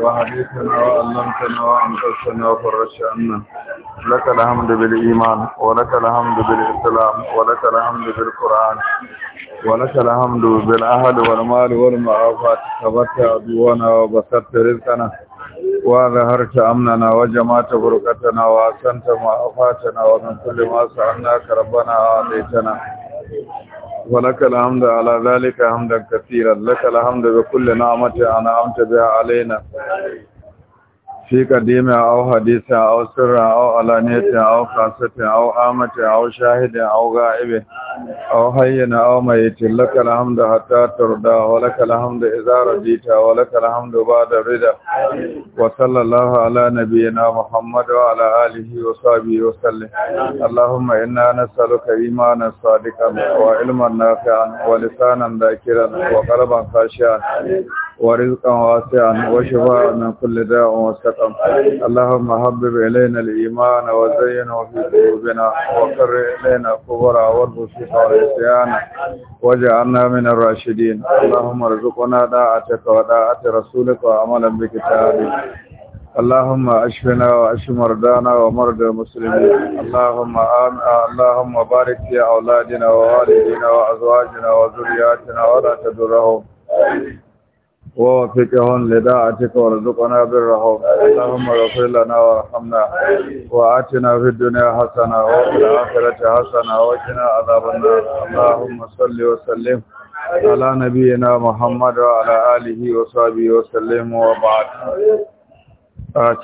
وهديتنا وعلمتنا وانقذتنا وفرجت عنا لك الحمد بالايمان ولك الحمد بالاسلام ولك الحمد بالقران ولك الحمد بالاهل والمال والمعافاه كبرت عدونا وبسطت رزقنا وظهرت امننا وجمعت بركتنا واحسنت معافاتنا ومن كل ما سالناك ربنا اعطيتنا ولك الحمد على ذلك حمدا كثيرا لك الحمد بكل نعمة أنعمت بها علينا في قديم أو حديث أو سر أو علانية أو خاصة أو عامة أو شاهد أو غائب أو حينا أو ميت لك الحمد حتى ترضى ولك الحمد إذا رضيت ولك الحمد بعد رضا وصلى الله على نبينا محمد وعلى آله وصحبه وسلم اللهم إنا نسألك إيمانا صادقا وعلما نافعا ولسانا ذاكرا وقلبا خاشعا ورزقا واسعا وشفاء من كل داء وسقم اللهم حبب إلينا الإيمان وزينه في قلوبنا وقر إلينا الكبرى والبسوط والعصيان واجعلنا من الراشدين اللهم ارزقنا داعتك وطاعة رسولك وعملا بكتابك اللهم اشفنا واشف مرضانا ومرضى المسلمين اللهم آم... اللهم بارك في اولادنا ووالدينا وازواجنا وذرياتنا ولا تدرهم ووفقهم لداعتك وارزقنا بالرحمة اللهم اغفر لنا وارحمنا واتنا في الدنيا حسنه وفي الاخره حسنه وقنا عذاب النار اللهم صل وسلم على نبينا محمد وعلى اله وصحبه وسلم وبعد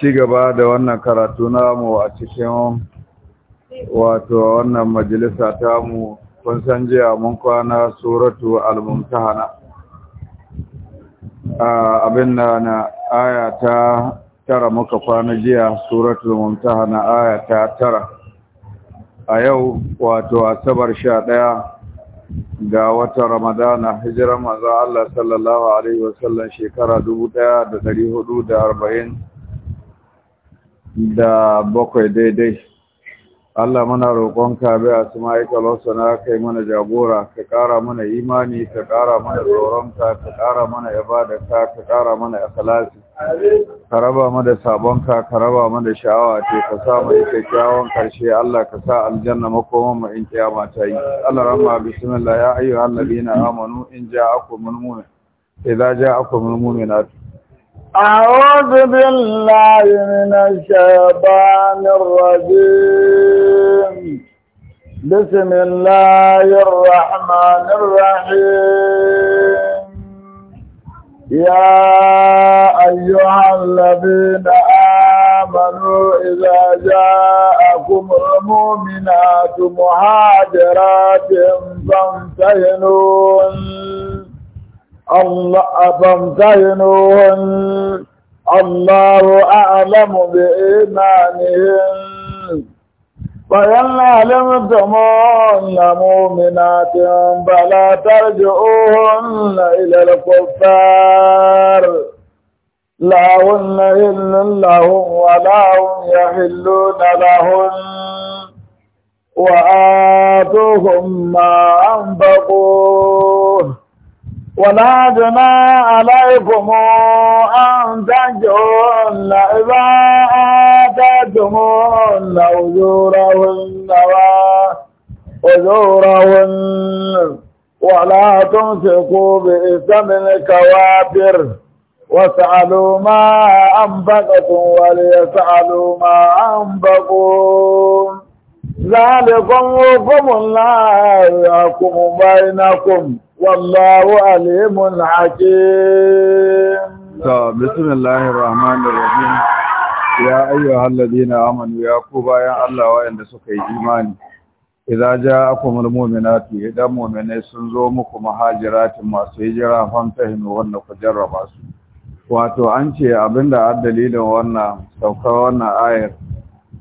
ci gaba da wannan karatu namu a cikin wato wannan majalisa tamu kun san jiya mun kwana suratu al-mumtahana abin da na aya ta tara muka kwana jiya suratul mumtaha na aya ta tara a yau wato asabar sha ɗaya ga wata ramadana hijiran maza Allah sallallahu alaihi wasallam shekara dubu ɗaya da ɗari hudu da arba'in da bakwai daidai Allah muna roƙonka bi asma'ika al na kai mana jagora ka ƙara mana imani ka ƙara mana tsoronka ka ƙara mana ibadarka ka ƙara mana ikhlasi ka raba mana sabonka ka raba mana sha'awa ce ka sa mu yi kyakkyawan karshe Allah ka sa aljanna makoman mu in kiyama ta yi Allah rama bismillah ya ayyuhal na amanu in ja'akum mu'min idza ja'akum أعوذ بالله من الشيطان الرجيم بسم الله الرحمن الرحيم يا أيها الذين آمنوا إذا جاءكم المؤمنات مهاجرات فامتهنون الله زينهم الله أعلم بإيمانهن فإن علمتموهن مؤمنات فلا ترجعوهن إلى الكفار لا هن إلا لهم ولا هم يحلون لهن وآتوهم ما أنفقوه ولا جنا عليكم أن تنجون إذا آتيتمون أجورهن وأجورهن ولا تمسكوا بإثم الكوافر واسألوا ما أنفقتم وليسألوا ما أنفقوا zalikum wa kumun laaya kuma bayi na kum wallahu alimun haƙi. Ta bisimin lahir Rahmanu Rabi, ya ayyau hallabi na amani ya ku bayan Allah wa yanda suka yi imani. Iza ja a kuma idan muminai sun zo muku mahajirati, masu yi jira famta hin wanda ku jarraba su. Wato an ce abinda a dalilin wannan saukar wannan ayar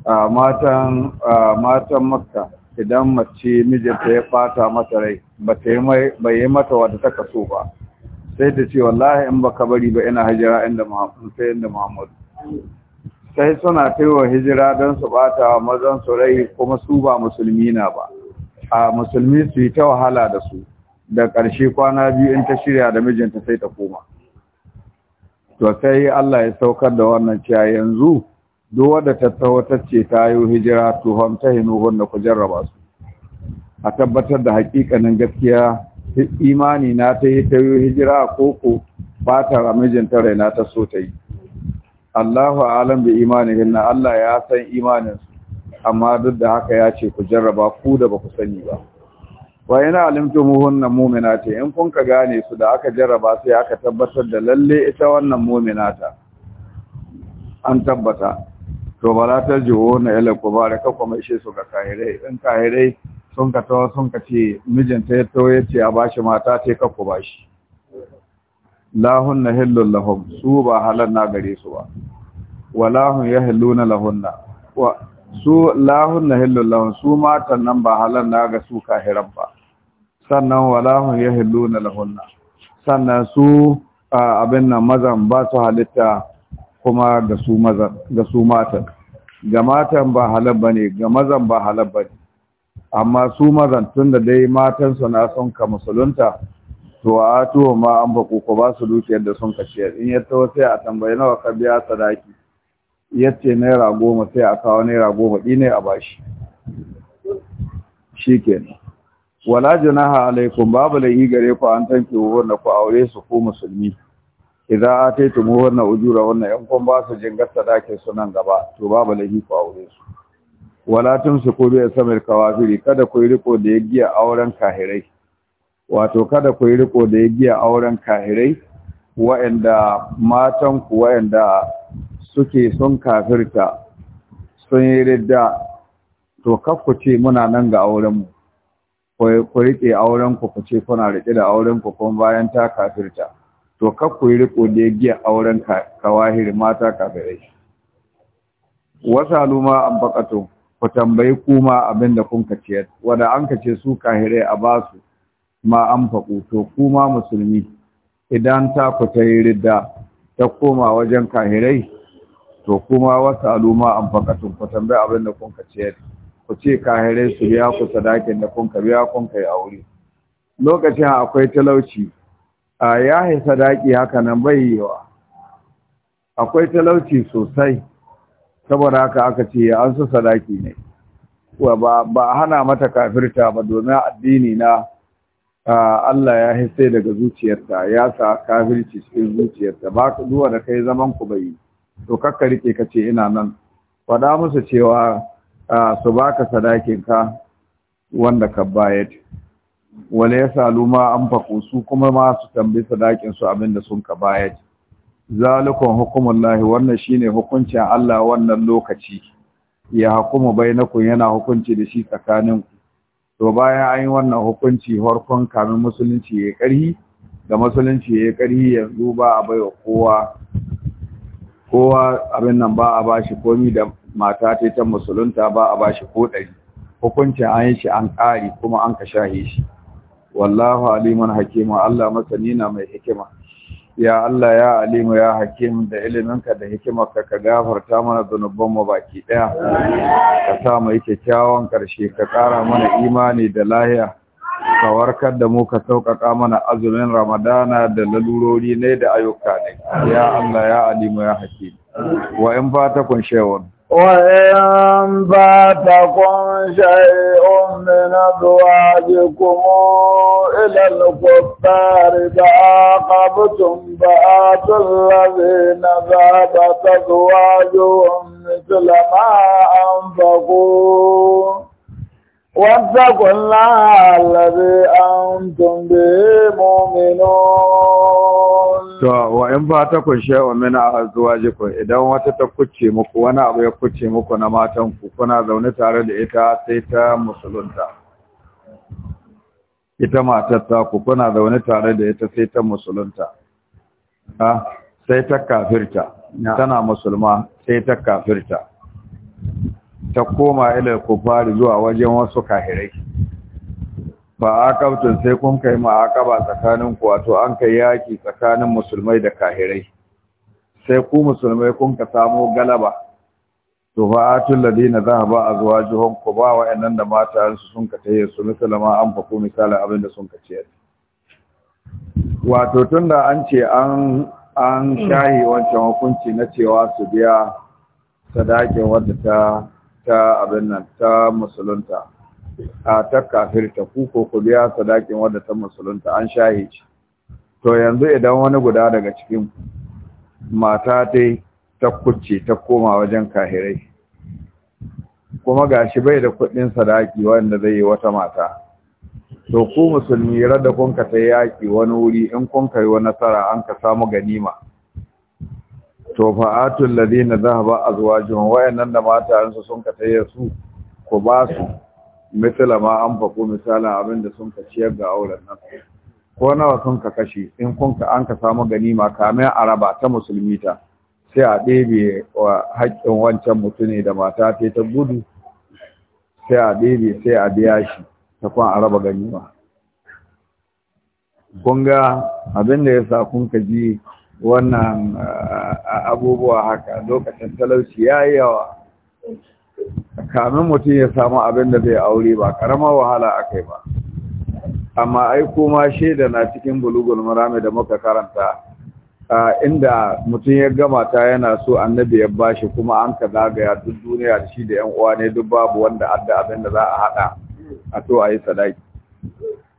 matan matan makka idan mace mijinta ya fata mata rai ba yi mata wata ta kaso ba sai ta ce wallahi in baka bari ba ina hijira inda sai inda muhammadu sai suna taiwa hijira don su bata wa mazan su rai kuma su ba musulmi na ba a musulmi su yi ta wahala da su da ƙarshe kwana biyu in ta shirya da mijinta sai ta koma to sai Allah ya saukar da wannan ciya yanzu duk wadda ta ta ce ta yi hijira to ta hinu wanda ku jarraba su a tabbatar da hakikanin gaskiya imani na ta yi ta yi hijira ko ko ba ta ramijin ta raina ta so ta yi Allahu alam bi imani hinna Allah ya san imanin su amma duk da haka ya ce ku jarraba ku da ba ku sani ba wa yana alimtu muhunna ta, in kun ka gane su da aka jarraba sai aka tabbatar da lalle ita wannan mu'minata an tabbata to ba za ta jiwo na yalar kubara ka kuma ishe su ga kahirai in kahirai sun ka tawa sun ka ce mijinta ya tawo ya ce a bashi mata ce ka ku shi lahun na hillun lahun su ba halar na gare su ba wa lahun ya hillu na lahun na su lahun na hillun lahun su matan nan ba halar na ga su kahiran ba sannan wa lahun ya hillu na lahun na sannan su abin nan mazan ba su halitta kuma ga su matan ga matan ga matan ba ne bane ga mazan ba ba ne. amma su mazan tun da dai matansu na son ka musulunta to a to ma an ba ko ba su dukiyar da sun kashe in ya tawo sai a tambaye nawa ka biya sadaki ce naira goma sai a kawo naira goma ne a bashi shikenan wala junaha alaikum babu laihi gare ku an tanke wurin da ku aure su ko musulmi idza ataytumu wannan ujura wannan yan kun ba su jingar sadakin sunan gaba to babu laifi ku aure su wala tumsiku bi samir kawafiri kada ku riko da yagiya auren kahirai wato kada ku riko da yagiya auren kahirai wa'anda matan ku wa'anda suke sun kafirta sun yi ridda to ku ce muna nan ga auren mu ku riƙe auren ku ku ce kuna riƙe da auren ku kuma bayan ta kafirta to kakku yi riko da giya auren kawahir mata kafirai Wasu aluma an bakato ku tambayi kuma abin da kun kace wanda an kace su kahirai a basu ma an faku to kuma musulmi idan ta ku ta yi ridda ta koma wajen kahirai to kuma wasu aluma an bakato ku tambayi abin da kun kace ku ce kahirai su biya ku sadakin da kun ka biya kun kai aure lokacin akwai talauci a yahin sadaki haka nan bai yiwa akwai talauci sosai saboda haka aka ce an su sadaki ne ba hana mata kafirta ba domin addini na Allah ya hisse daga zuciyarta ya sa kafirci cikin zuciyarta ba ka duwa da kai zaman ku bai to kakka rike ka ce ina nan faɗa musu cewa su baka sadakin ka wanda ka bayar Wani ya salu ma an faƙo su kuma ma su tambayi sadakin su abinda sun ka bayar zalikun hukumullahi wannan shine hukuncin Allah wannan lokaci ya hukumu bainakum yana hukunci da shi tsakanin to bayan an yi wannan hukunci harkon kamin musulunci ya ƙarhi, da musulunci ya karhi yanzu ba a baiwa kowa kowa abin nan ba a bashi komi da mata ta musulunta ba a bashi ko ɗari hukuncin an yi shi an ƙari kuma an ka shahe shi wallahu aliman hakima Allah masani na mai hikima ya Allah ya alimu ya hakim da iliminka da hikimarka ka gafarta mana mu baki daya ka sa mu kyakkyawan karshe ka kara mana imani da lahiya ka warkar da mu ka sauƙaƙa mana azumin ramadana da lalurori ne da ayyuka ne ya Allah ya alimu ya hakim wa in fata kun shewon وإن فاتكم شيء من أزواجكم إلى الكفار تعاقبتم فآتوا الذين ذهبت أزواجهم مثل ما أنفقوا واتقوا الله الذي أنتم به مؤمنون to wa in ba ta kun sha wa mina azwajikum idan wata ta kuce muku wani abu ya kuce muku na matan ku kuna zaune tare da ita sai ta musulunta ita matar ta ku kuna zaune tare da ita sai ta musulunta ah, sai ta kafirta tana musulma sai ta kafirta ta koma ila kufari zuwa wajen wasu kahirai ba a kabtun sai kun kai ma tsakanin wato an kai yaki tsakanin musulmai da kahirai sai ku musulmai kun ka samu galaba to fa ba a zuwa jihon ku ba wa'annan da matan su sun ka tayi su ma an faku ku abin da sun ka ciyar wato tunda an ce an an shahi wancan hukunci na cewa su biya sadakin wadda ta ta abin nan ta musulunta a ta kafirta ku ko ku biya sadakin wadda ta musulunta an shahi ce to yanzu idan wani guda daga cikin mata ta ta kucce ta koma wajen kahirai kuma gashi bai da kuɗin sadaki wanda zai yi wata mata to ku musulmi radda kun ka ta yaki wani wuri in kun kai wani nasara an ka samu ganima to atul ladina zahaba azwajuhum wayannan da matayensu sun ka tayar su ko ba su misala ma an fako misala abin da sun ka ciyar ga auren nan ko nawa sun ka kashe in kun ka an ka samu ganima kamar araba ta musulmi ta sai a ɗebe wa haƙƙin wancan mutune da mata ta ta gudu sai a ɗebe sai a biya shi ta kun araba ganima kun ga abin da ya sa kun ka ji wannan abubuwa haka lokacin talauci ya yi yawa kamin mutum ya samu abin da zai aure ba karama wahala aka ba amma ai kuma shaida na cikin bulugul marami da muka karanta inda mutum ya gama ta yana so annabi ya bashi kuma an ka zagaya duk duniya da shi da yan uwa ne duk babu wanda adda abin da za a hada a to a yi sadaki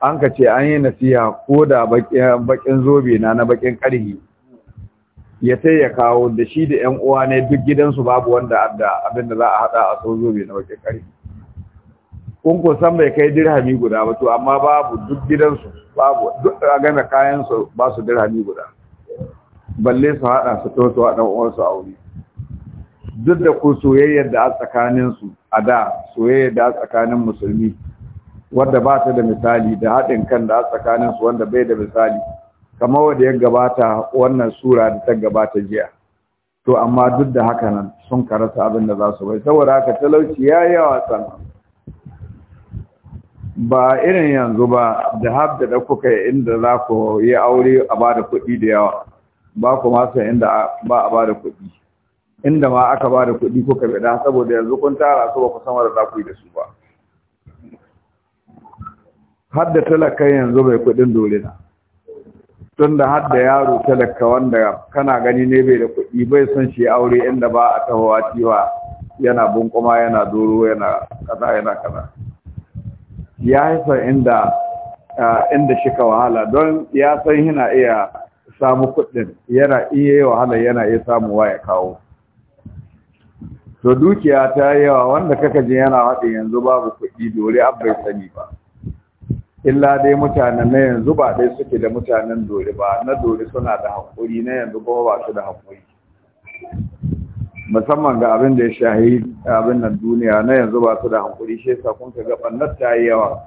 an ka ce an yi nasiha ko da bakin zobe na na bakin karhi ya sai ya kawo da shi da ƴan uwa ne duk gidansu babu wanda adda abin da za a hada a sozo bai na bakin kare kun ko san bai kai dirhami guda ba to amma babu duk gidansu babu duk a gana kayan su ba su dirhami guda balle su hada su to a hada uwan su aure duk da ku soyayyar da a tsakanin su a da soyayyar da a tsakanin musulmi wadda ba ta da misali da haɗin kan da a tsakanin su wanda bai da misali kamar wanda ya gabata wannan sura da ta gabata jiya to amma duk da haka nan sun karasa abin da za su bai saboda haka talauci ya yawa san ba irin yanzu ba da habda da kuka inda za ku yi aure a ba da kuɗi da yawa ba ku masu inda ba a ba da kuɗi inda ma aka ba da kuɗi kuka ɗan, saboda yanzu kun tara su ba ku samar da za ku yi da su ba har da talakan yanzu bai kuɗin dole na tun da har da yaro talaka wanda kana gani ne bai da kuɗi bai son shi aure inda ba a tahowa cewa yana bunkuma yana doro yana kaza yana kaza ya haifar inda inda shi ka wahala don ya san yana iya samu kuɗin yana iya yi wahala yana iya wa ya kawo to dukiya ta yawa wanda kaka ji yana haɗin yanzu babu kuɗi dole abbai sani ba illa dai mutanen na yanzu ba dai suke da mutanen dori ba na dori suna da haƙuri na yanzu kuma ba su da haƙuri musamman ga abin da ya shahi abin nan duniya na yanzu ba su da haƙuri shi yasa kun ka gaban nan ta yi yawa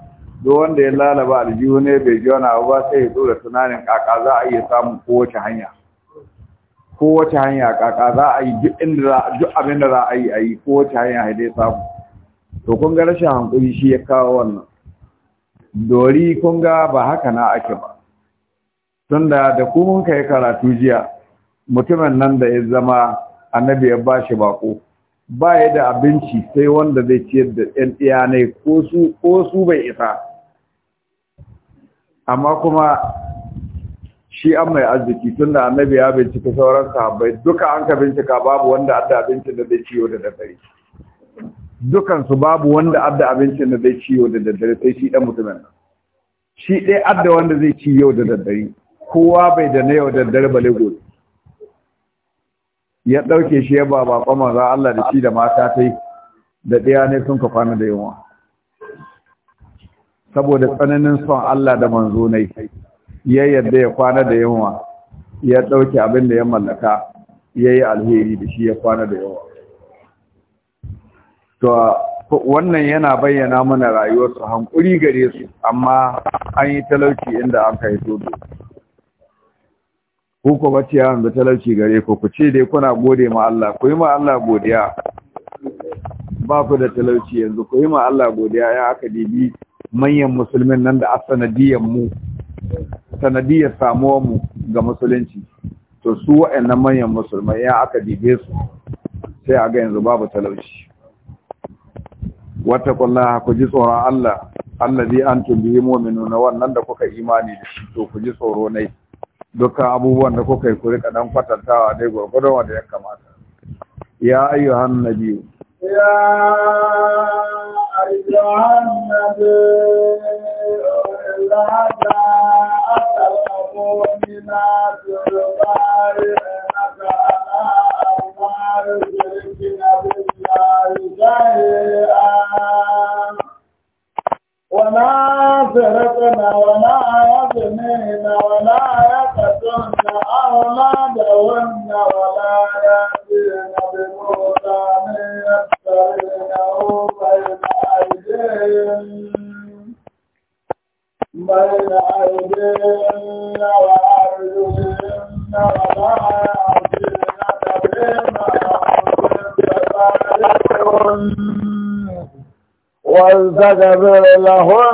duk wanda ya lalaba aljihu ne bai ji wani abu ba sai ya dora tunanin kaka za a iya samun kowace hanya kowace hanya kaka za a yi duk inda duk abin da za a yi a yi kowace hanya dai samu to kun ga rashin hankuri shi ya kawo wannan dori kun ga ba haka na ake ba tunda da ku mun kai karatu jiya mutumin nan da ya zama annabi ya bashi bako ba ya da abinci sai wanda zai ciyar da yan ɗiyanai ko su ko su bai isa amma kuma shi an mai arziki tunda annabi ya bincika sauran sahabbai duka an ka bincika babu wanda adda abincin da zai ciyo da dare dukansu babu wanda adda abincin da zai ci yau da daddare sai shi ɗan mutumin shi ɗaya adda wanda zai ci yau da daddare kowa bai da na yau da daddare ba gobe ya ɗauke shi ya ba baƙon za Allah da shi da mata ta yi da ɗaya ne sun ka kwana da yawa saboda tsananin son Allah da manzo ne ya yadda ya kwana da yawa ya ɗauke abin da ya mallaka ya yi alheri da shi ya kwana da yawa to wannan yana bayyana mana rayuwarsu hankuri gare su amma an yi talauci inda an kai todo ku ku bace yawan da talauci gare ku ku ce dai kuna gode ma Allah ku yi ma Allah godiya ba ku da talauci yanzu ku yi ma Allah godiya ya aka dibi manyan musulmin nan da asanadiyan mu sanadiyar samuwar mu ga musulunci to su wa'annan manyan musulmai ya aka dibe su sai a ga yanzu babu talauci wattakun laha ku ji tsoron Allah, Allah zai an 'Yi mominu nuna, wannan da kuka imani da shi to ku ji tsoro nai dukkan abubuwan da kuka yi kuri kaɗan kwatantawa dai gwargwadon wanda ya kamata. Ya ayyu hannu biyu. Ya ayyu hannu biyu, Allah ta na minatun bayan. يرضعن ولا يقتلن أولادهن ولا يأتين ببهتان يفترينه بين أيديهن بين أيديهن وأرجلهن ولا يأتينك بمعروف فبايعهن واستكبر لهن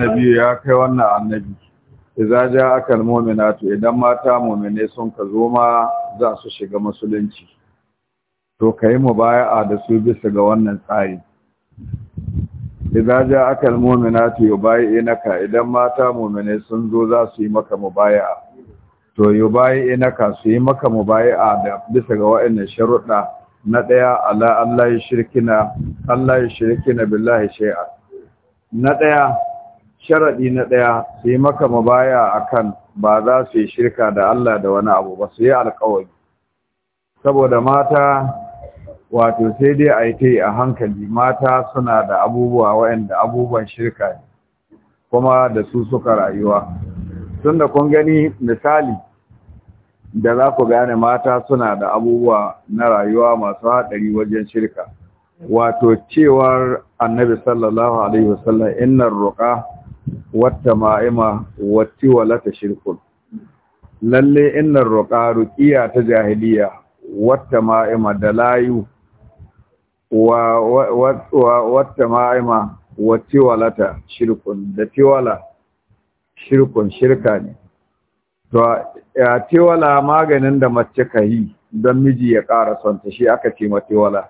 annabi ya kai wannan annabi aka ja'aka almu'minatu idan mata mu'mine sun ka zo ma za su shiga musulunci to kai mubaya'a da su bisa ga wannan tsari idza ja'aka almu'minatu yubayi'unaka idan mata mu'mine sun zo za su yi maka mubaya'a to yubayi'unaka su yi maka mubaya'a da bisa ga wa'annan sharuɗa na ɗaya Allah Allah ya shirkina Allah ya shirkina billahi shay'a na ɗaya Sharaɗi na ɗaya, su yi maka mabaya akan ba za su yi shirka da Allah da wani abu ba su yi alƙawari saboda mata wato sai dai a yi ta yi a hankali mata suna da abubuwa waɗanda abubuwan shirka ne kuma da su suka rayuwa tun da kun gani misali da za ku gane mata suna da abubuwa na rayuwa masu haɗari wajen shirka wato cewar annabi sallallahu alaihi wasallam innar roƙa wata ma'ima wati walata shirkun lalle innan roƙa ruƙiya ta jahiliya wata ma'ima da layu wa wata ma'ima wati walata shirkun da tiwala shirkun shirka ne to ya tiwala maganin da mace ka yi don miji ya ƙara son ta shi aka ce Tiwala.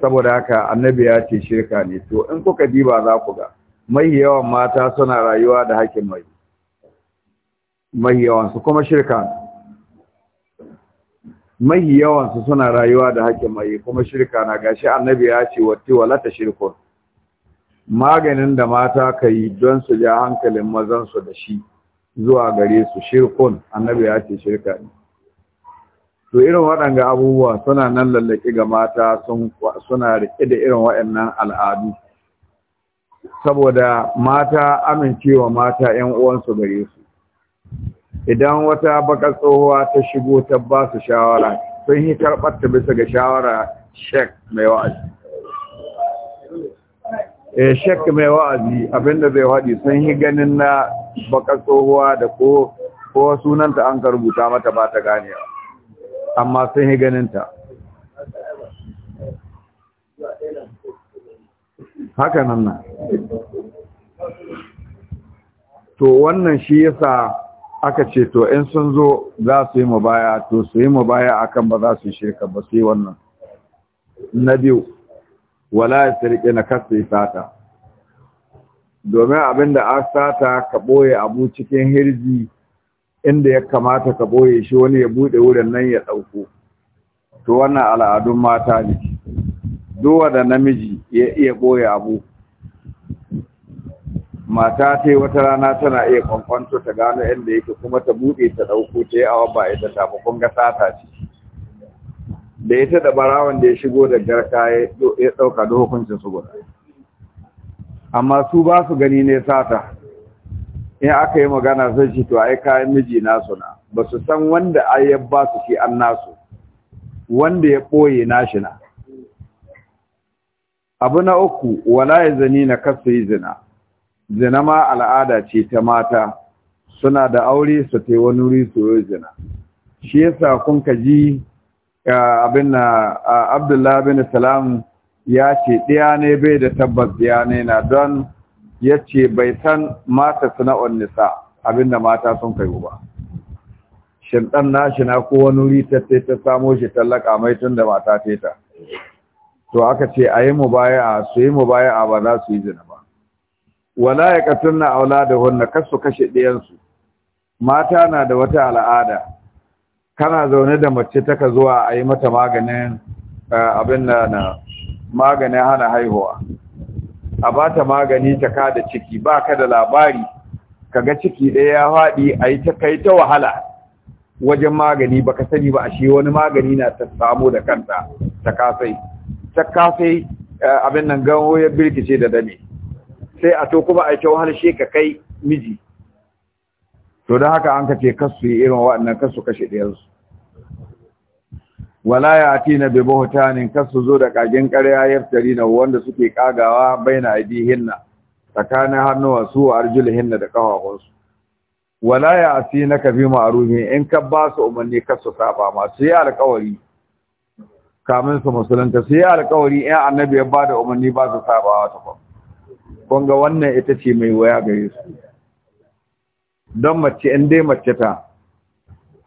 saboda haka annabi ya ce shirka ne to in kuka diba za ku ga mai yawan mata suna rayuwa da haƙƙin mai mai yawan kuma shirka mai yawan suna rayuwa da mai kuma shirka na gashi annabi ya ce wati wala ta shirkun maganin da mata ka yi don su ja hankalin mazan su da shi zuwa gare su shirkun annabi ya ce shirka ne to irin waɗanga abubuwa suna nan lallaki ga mata suna riƙe da irin waɗannan al'adu saboda mata amincewa mata ‘yan uwansu gare su idan wata baka tsohuwa ta shigo ta ba su shawara sun yi karɓar ta bisa ga shawara shek mai wa'azi e shek mai wa'azi abinda zai waɗi sun yi ganin na baka tsohuwa da ko sunanta an rubuta mata ba ta ganewa amma sun yi ganinta haka nan na to wannan shi yasa aka ce to in sun zo za su yi mubaya to su yi mabaya akan ba za su shirka ba su yi wannan na biyu wala ya sirke na kasa sata domin abin da a sata ka ɓoye abu cikin hirji inda ya kamata ka ɓoye shi wani ya buɗe wurin nan ya ɗauko to wannan al'adun mata ne duwa da namiji ya iya boye abu mata ta wata rana tana iya kwankwanto ta gano yadda yake kuma ta buɗe ta ɗauko ta yi awa ba ita ta ba kun ga sata ce da ita da barawan da ya shigo da garka ya ɗauka da hukuncin su guda amma su ba su gani ne sata in aka yi magana sai shi to ai kayan miji nasu na ba su san wanda ai ya ba su shi an nasu wanda ya ɓoye nashi na abu na uku wala ya zani na kasu yi zina zina ma al'ada ce ta mata suna da aure su ta wani wuri su yi zina shi yasa kun ka ji abin na abdullahi bin salam ya ce ɗaya ne bai da tabbas ɗaya ne na don ya ce bai san mata on nisa abin da mata sun kai ba shin ɗan nashi ko wani wuri ta ta samo shi tallaka mai tun da mata ta to aka ce a yi mubaya'a su yi mubaya'a ba za su yi zina ba wala ya da auladahunna kar su kashe ɗiyansu mata na da wata al'ada kana zaune da mace taka zuwa a yi mata maganin eh, abin da na maganin hana haihuwa a ba ta magani ta ka da ciki ba ka da labari Ka ga ciki ɗaya ya faɗi a yi ta kai ta wahala wajen magani ba ka sani ba a shi wani magani na ta samu da kanta ta kasai ta kafe eh, abin nan gawo ya birkice da dame sai a to kuma a kyau harshe ka kai miji to don haka an kace kasu yi irin waɗannan kasu kashe ɗayansu wala ya ati na bi buhtanin kasu zo da kagin ƙarya yaftari na wanda suke kagawa baina hinna tsakanin hannuwa su arjul hinna da kafafunsu wala ya ati na ka bi ma'rufi in ka ba su umarni kasu saba ma su yi alƙawari kamin su musulunta su yi alkawari ‘yan annabi ya ba da umarni ba su sabawa wata ba. ga wannan ita ce mai waya gare su. Don mace in dai mace ta,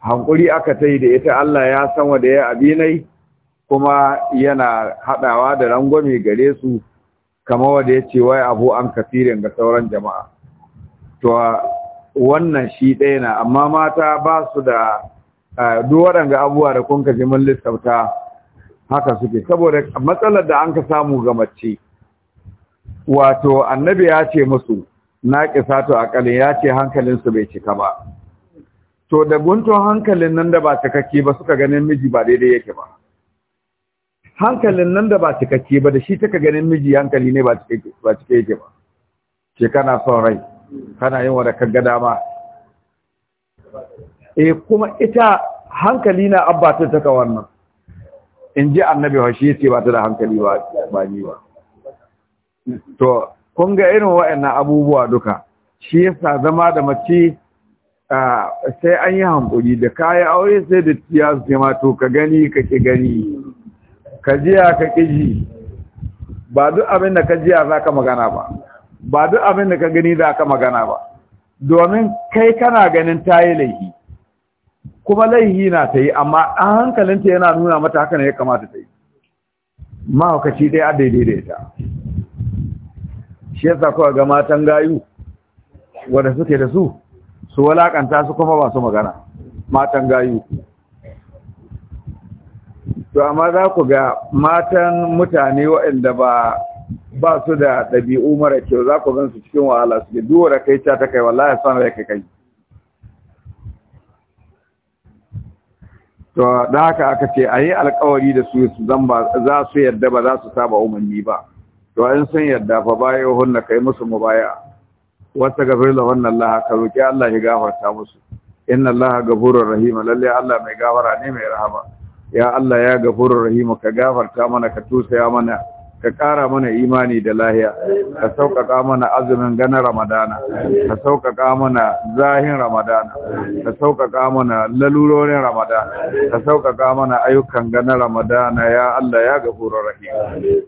hankuri aka ta yi da ita Allah ya san wa da ya abinai kuma yana haɗawa da rangwame gare su kama da ya ce wai abu an kafirin ga sauran jama'a. To, wannan shi ɗaya na, amma mata ba su da eh, duk waɗanda abubuwa da kun kaji mun lissafta haka suke saboda matsalar da an ka samu ga mace wato annabi ya ce musu na ƙisato aƙalin ya ce hankalinsu bai cika ba to da guntun hankalin nan da ba cikakke ba suka ganin miji ba daidai yake ba hankalin nan da ba cikakke ba da shi taka ganin miji hankali ne ba cikakke yake ba ce kana son rai kana yin wadda kaga dama e kuma ita hankali na abba ta taka wannan in ji annabi wa shi ce ba ta da hankali ba ni ba to kun ga irin waɗannan abubuwa duka shi yasa zama da mace sai an yi hankuli da kayi aure sai da tiya su ma to ka gani ka ki gani ka jiya ka ki ji ba duk abin da ka jiya za ka magana ba ba duk abin da ka gani za ka magana ba domin kai kana ganin ta yi laifi kuma laihi na ta yi amma ɗan hankalinta yana nuna mata haka ne ya kamata ta yi mahaukaci dai a daidai da ita shi yasa kawai ga matan gayu wadda suke da su su walakanta su kuma ba magana matan gayu to amma za ku ga matan mutane waɗanda ba ba su da ɗabi'u mara kyau za ku gan su cikin wahala suke duwara kai ta ta kai wallahi sanar rai kai kai to da haka aka ce a yi alkawari da su su zan ba za su yarda ba za su saba umarni ba to in sun yarda fa bayo hunna kai musu mubaya wata gafir la wannan Allah ka roki Allah ya gafarta musu inna Allah gafurur rahim lalle Allah mai gafara ne mai rahama ya Allah ya gafurur rahim ka gafarta mana ka tusaya mana ka ƙara mana imani da lahiya ka sauƙaƙa mana azumin ganin ramadana ka sauƙaƙa mana zahin ramadana ka sauƙaƙa mana lalurorin ramadana ka sauƙaƙa mana ayyukan ganin ramadana ya Allah ya gafuru rahim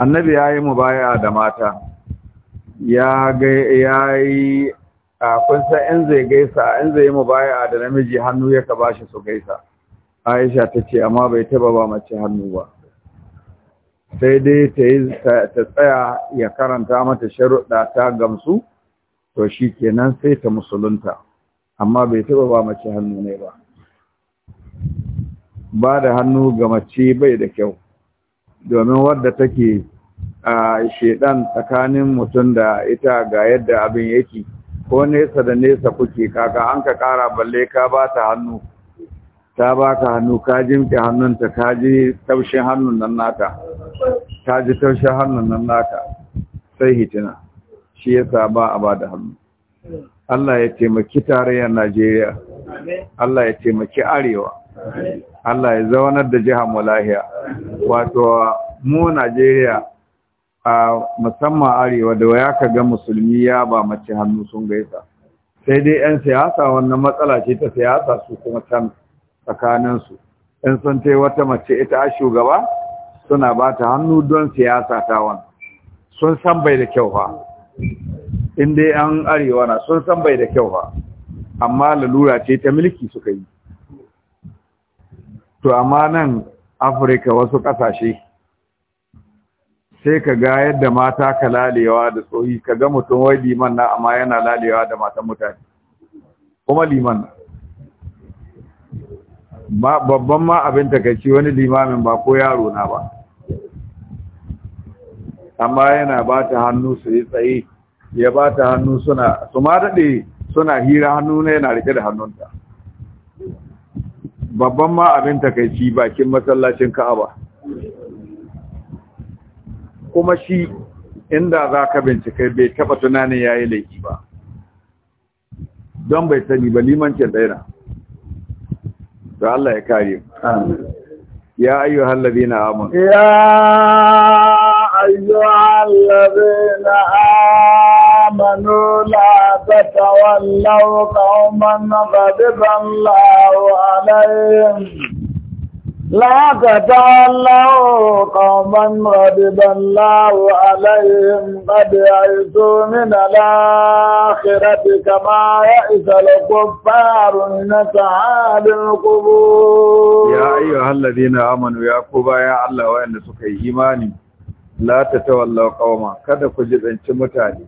annabi ya yi mubaya da mata ya yi a kunsa in zai gaisa in zai yi mubaya da namiji hannu ya ka shi su gaisa aisha ta ce amma bai taba ba mace hannu ba sai dai ta tsaya ya karanta mata sharuɗa ta gamsu to shi kenan sai ta musulunta amma bai taɓa ba mace hannu ne ba ba da hannu ga mace bai da kyau domin wadda take a shedan tsakanin mutum da ita ga yadda abin yake ko nesa da nesa kuke kaka an ka kara balle ka ba ta hannu ta ba ka hannu ka jimke hannunta ka ji taushin hannun nan nata ta ji taushe hannun nan naka sai hitina shi yasa ba a ba da hannu Allah ya taimaki tarayyar Najeriya Allah ya taimaki arewa Allah ya zaunar da jihar Mulahiya wato mu Najeriya a musamman arewa da waya ka ga musulmi ya ba mace hannu sun gaisa sai dai 'yan siyasa wannan matsala ce ta siyasa su kuma can tsakaninsu Yan sun ta wata mace ita a shugaba suna ba ta hannu don siyasa ta wani sun san bai da kyau fa in dai arewa na sun san bai da kyau fa amma lalura ce ta mulki suka yi to amma nan afirka wasu ƙasashe sai ka ga yadda mata ka lalewa da tsohi ka ga mutum wai liman na amma yana lalewa da matan mutane kuma liman na babban ma abin takaici wani limamin ba ko yaro na ba amma yana ba ta hannu su yi tsaye ya ba ta hannu suna su ma daɗe suna hira hannu na yana rike da hannunta babban ma abin takaici bakin masallacin ka'aba kuma shi inda za ka bincike bai taɓa tunanin ya yi laifi ba don bai sani ba limancin ɗaya الله يا أيها الذين آمنوا يا أيها الذين آمنوا لا تتولوا قوما غضب الله عليهم لا تتولوا قوما غضب الله عليهم قد يئسوا من الآخرة كما يئس الكفار من أصحاب القبور يا أيها الذين آمنوا يا كوبا يا الله وإن سكي إيماني لا تتولوا قوما kada ku jibanci mutane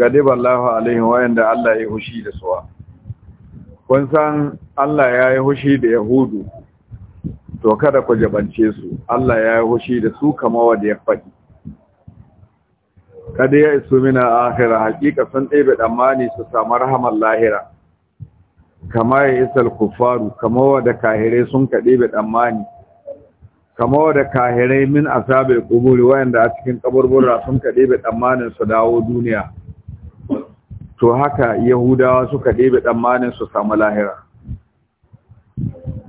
غضب الله عليهم وإن Allah ya hushi da suwa kun san Allah ya yi hushi da Yahudu to kada ku jabance su Allah ya yi hushi da su kama wanda ya faɗi kada ya isu mina akhira hakika sun ɗebe damani su samu rahamar lahira kama ya isal kufaru kama wanda kahirai sun ka ɗebe damani kama wanda kahirai min asabe kuburi wayanda a cikin kaburbura sun ka ɗebe damanin su dawo duniya to haka yahudawa suka ɗebe damanin su samu lahira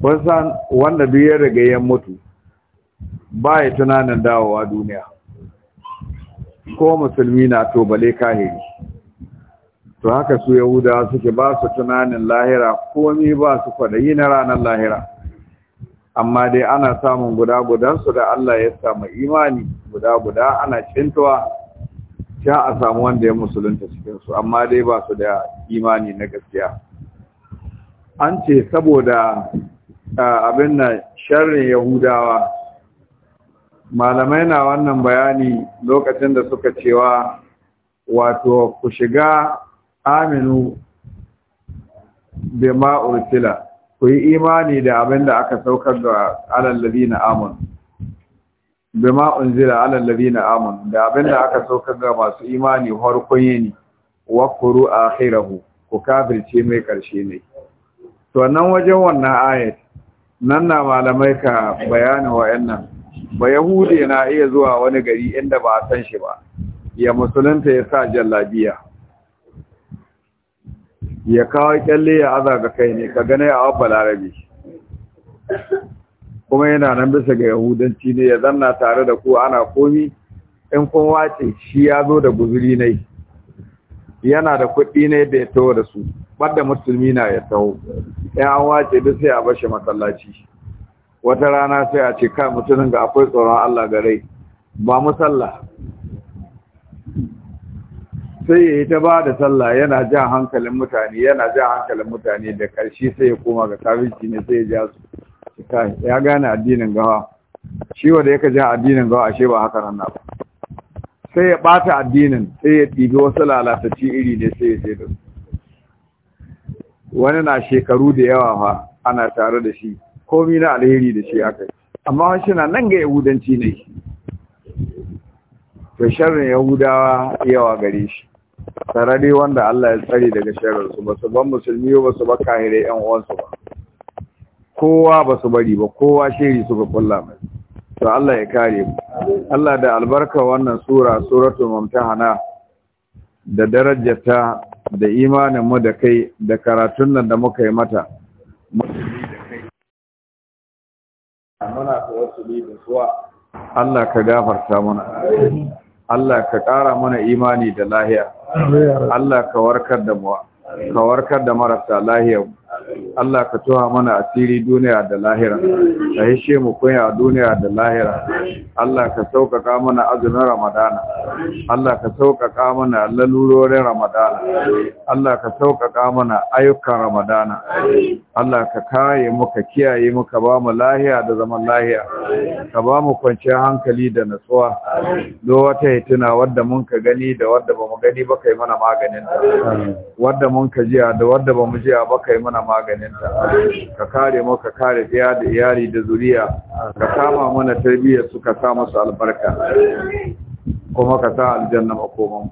kun wanda duk ya riga ya mutu ba ya tunanin dawowa duniya ko musulmi na to bale kahiri to haka su yahudawa suke ba su tunanin lahira komi ba su kwadayi na ranar lahira amma dai ana samun guda gudansu da Allah ya samu imani guda guda ana cintuwa sha a samu wanda ya musulunta cikinsu amma dai ba su da imani na gaskiya an ce saboda abin na sharrin yahudawa malamai na wannan bayani lokacin da suka cewa wato ku shiga aminu bima ursila ku yi imani da abin da aka saukar da alallabi na amun unzila alallabi na amun da abin da aka saukar da masu imani harkon yini wakuru a khairahu ku kafirce mai karshe ne to nan wajen wannan ayat nan na malamai ka bayanin wa'annan ba yahudi na iya zuwa wani gari inda ba a san shi ba ya musulunta ya sa jallabiya ya kawo kyalle ya aza ga kai ne ka gane a wabba larabi kuma yana nan bisa ga yahudanci ne ya zanna tare da ku ana komi in kun wace shi ya zo da guzuri nai yana da kuɗi ne da ya taho da su wadda musulmi na ya taho ya an wace duk sai a bashi masallaci wata rana sai a ce kai mutumin ga akwai tsoron Allah gare ba mu sallah sai ya yi ta ba da sallah yana jan hankalin mutane yana jan hankalin mutane da ƙarshe sai ya koma ga kafirci ne sai ya ja su ya gane addinin gawa shi wanda ka ja addinin gawa ashe ba haka nan ba sai ya bata addinin sai ya ɗibi wasu lalatacci iri ne sai ya ce da su wani na shekaru da yawa fa ana tare da shi komi na alheri da shi aka amma shi na nan ga yahudanci ne to sharrin yahudawa yawa gare shi dai wanda Allah ya tsare daga sharrin su ba su ban musulmi ba su ba kahire yan uwansu ba kowa ba su bari ba kowa shiri su ga kulla mai to Allah ya kare mu Allah da albarka wannan sura suratul mumtahana da darajarta da imanin mu da kai da karatun nan da muka yi mata muna tawassuli da suwa Allah ka gafarta mana Allah ka ƙara mana imani da lahiya Allah ka warkar da mu ka warkar da marasa lahiyar mu Allah ka tuha mana asiri duniya da lahira ka hishe mu kunya duniya da lahira Allah ka sauƙaƙa mana azumin ramadana Allah ka sauƙaƙa mana lalurorin ramadana Allah ka sauƙaƙa mana ayyukan ramadana Allah ka kaye mu ka kiyaye mu ka ba mu lahiya da zaman lahiya ka ba mu kwanciyar hankali da natsuwa do wata hituna wadda mun ka gani da wadda ba mu gani ba kai mana maganin wadda mun ka jiya da wadda ba mu jiya ba kai mana maganinta ka kare mu ka kare ɗaya da iyali da zuriya ka kama mana tarbiyya su ka sa musu albarka kuma ka sa aljanna makoman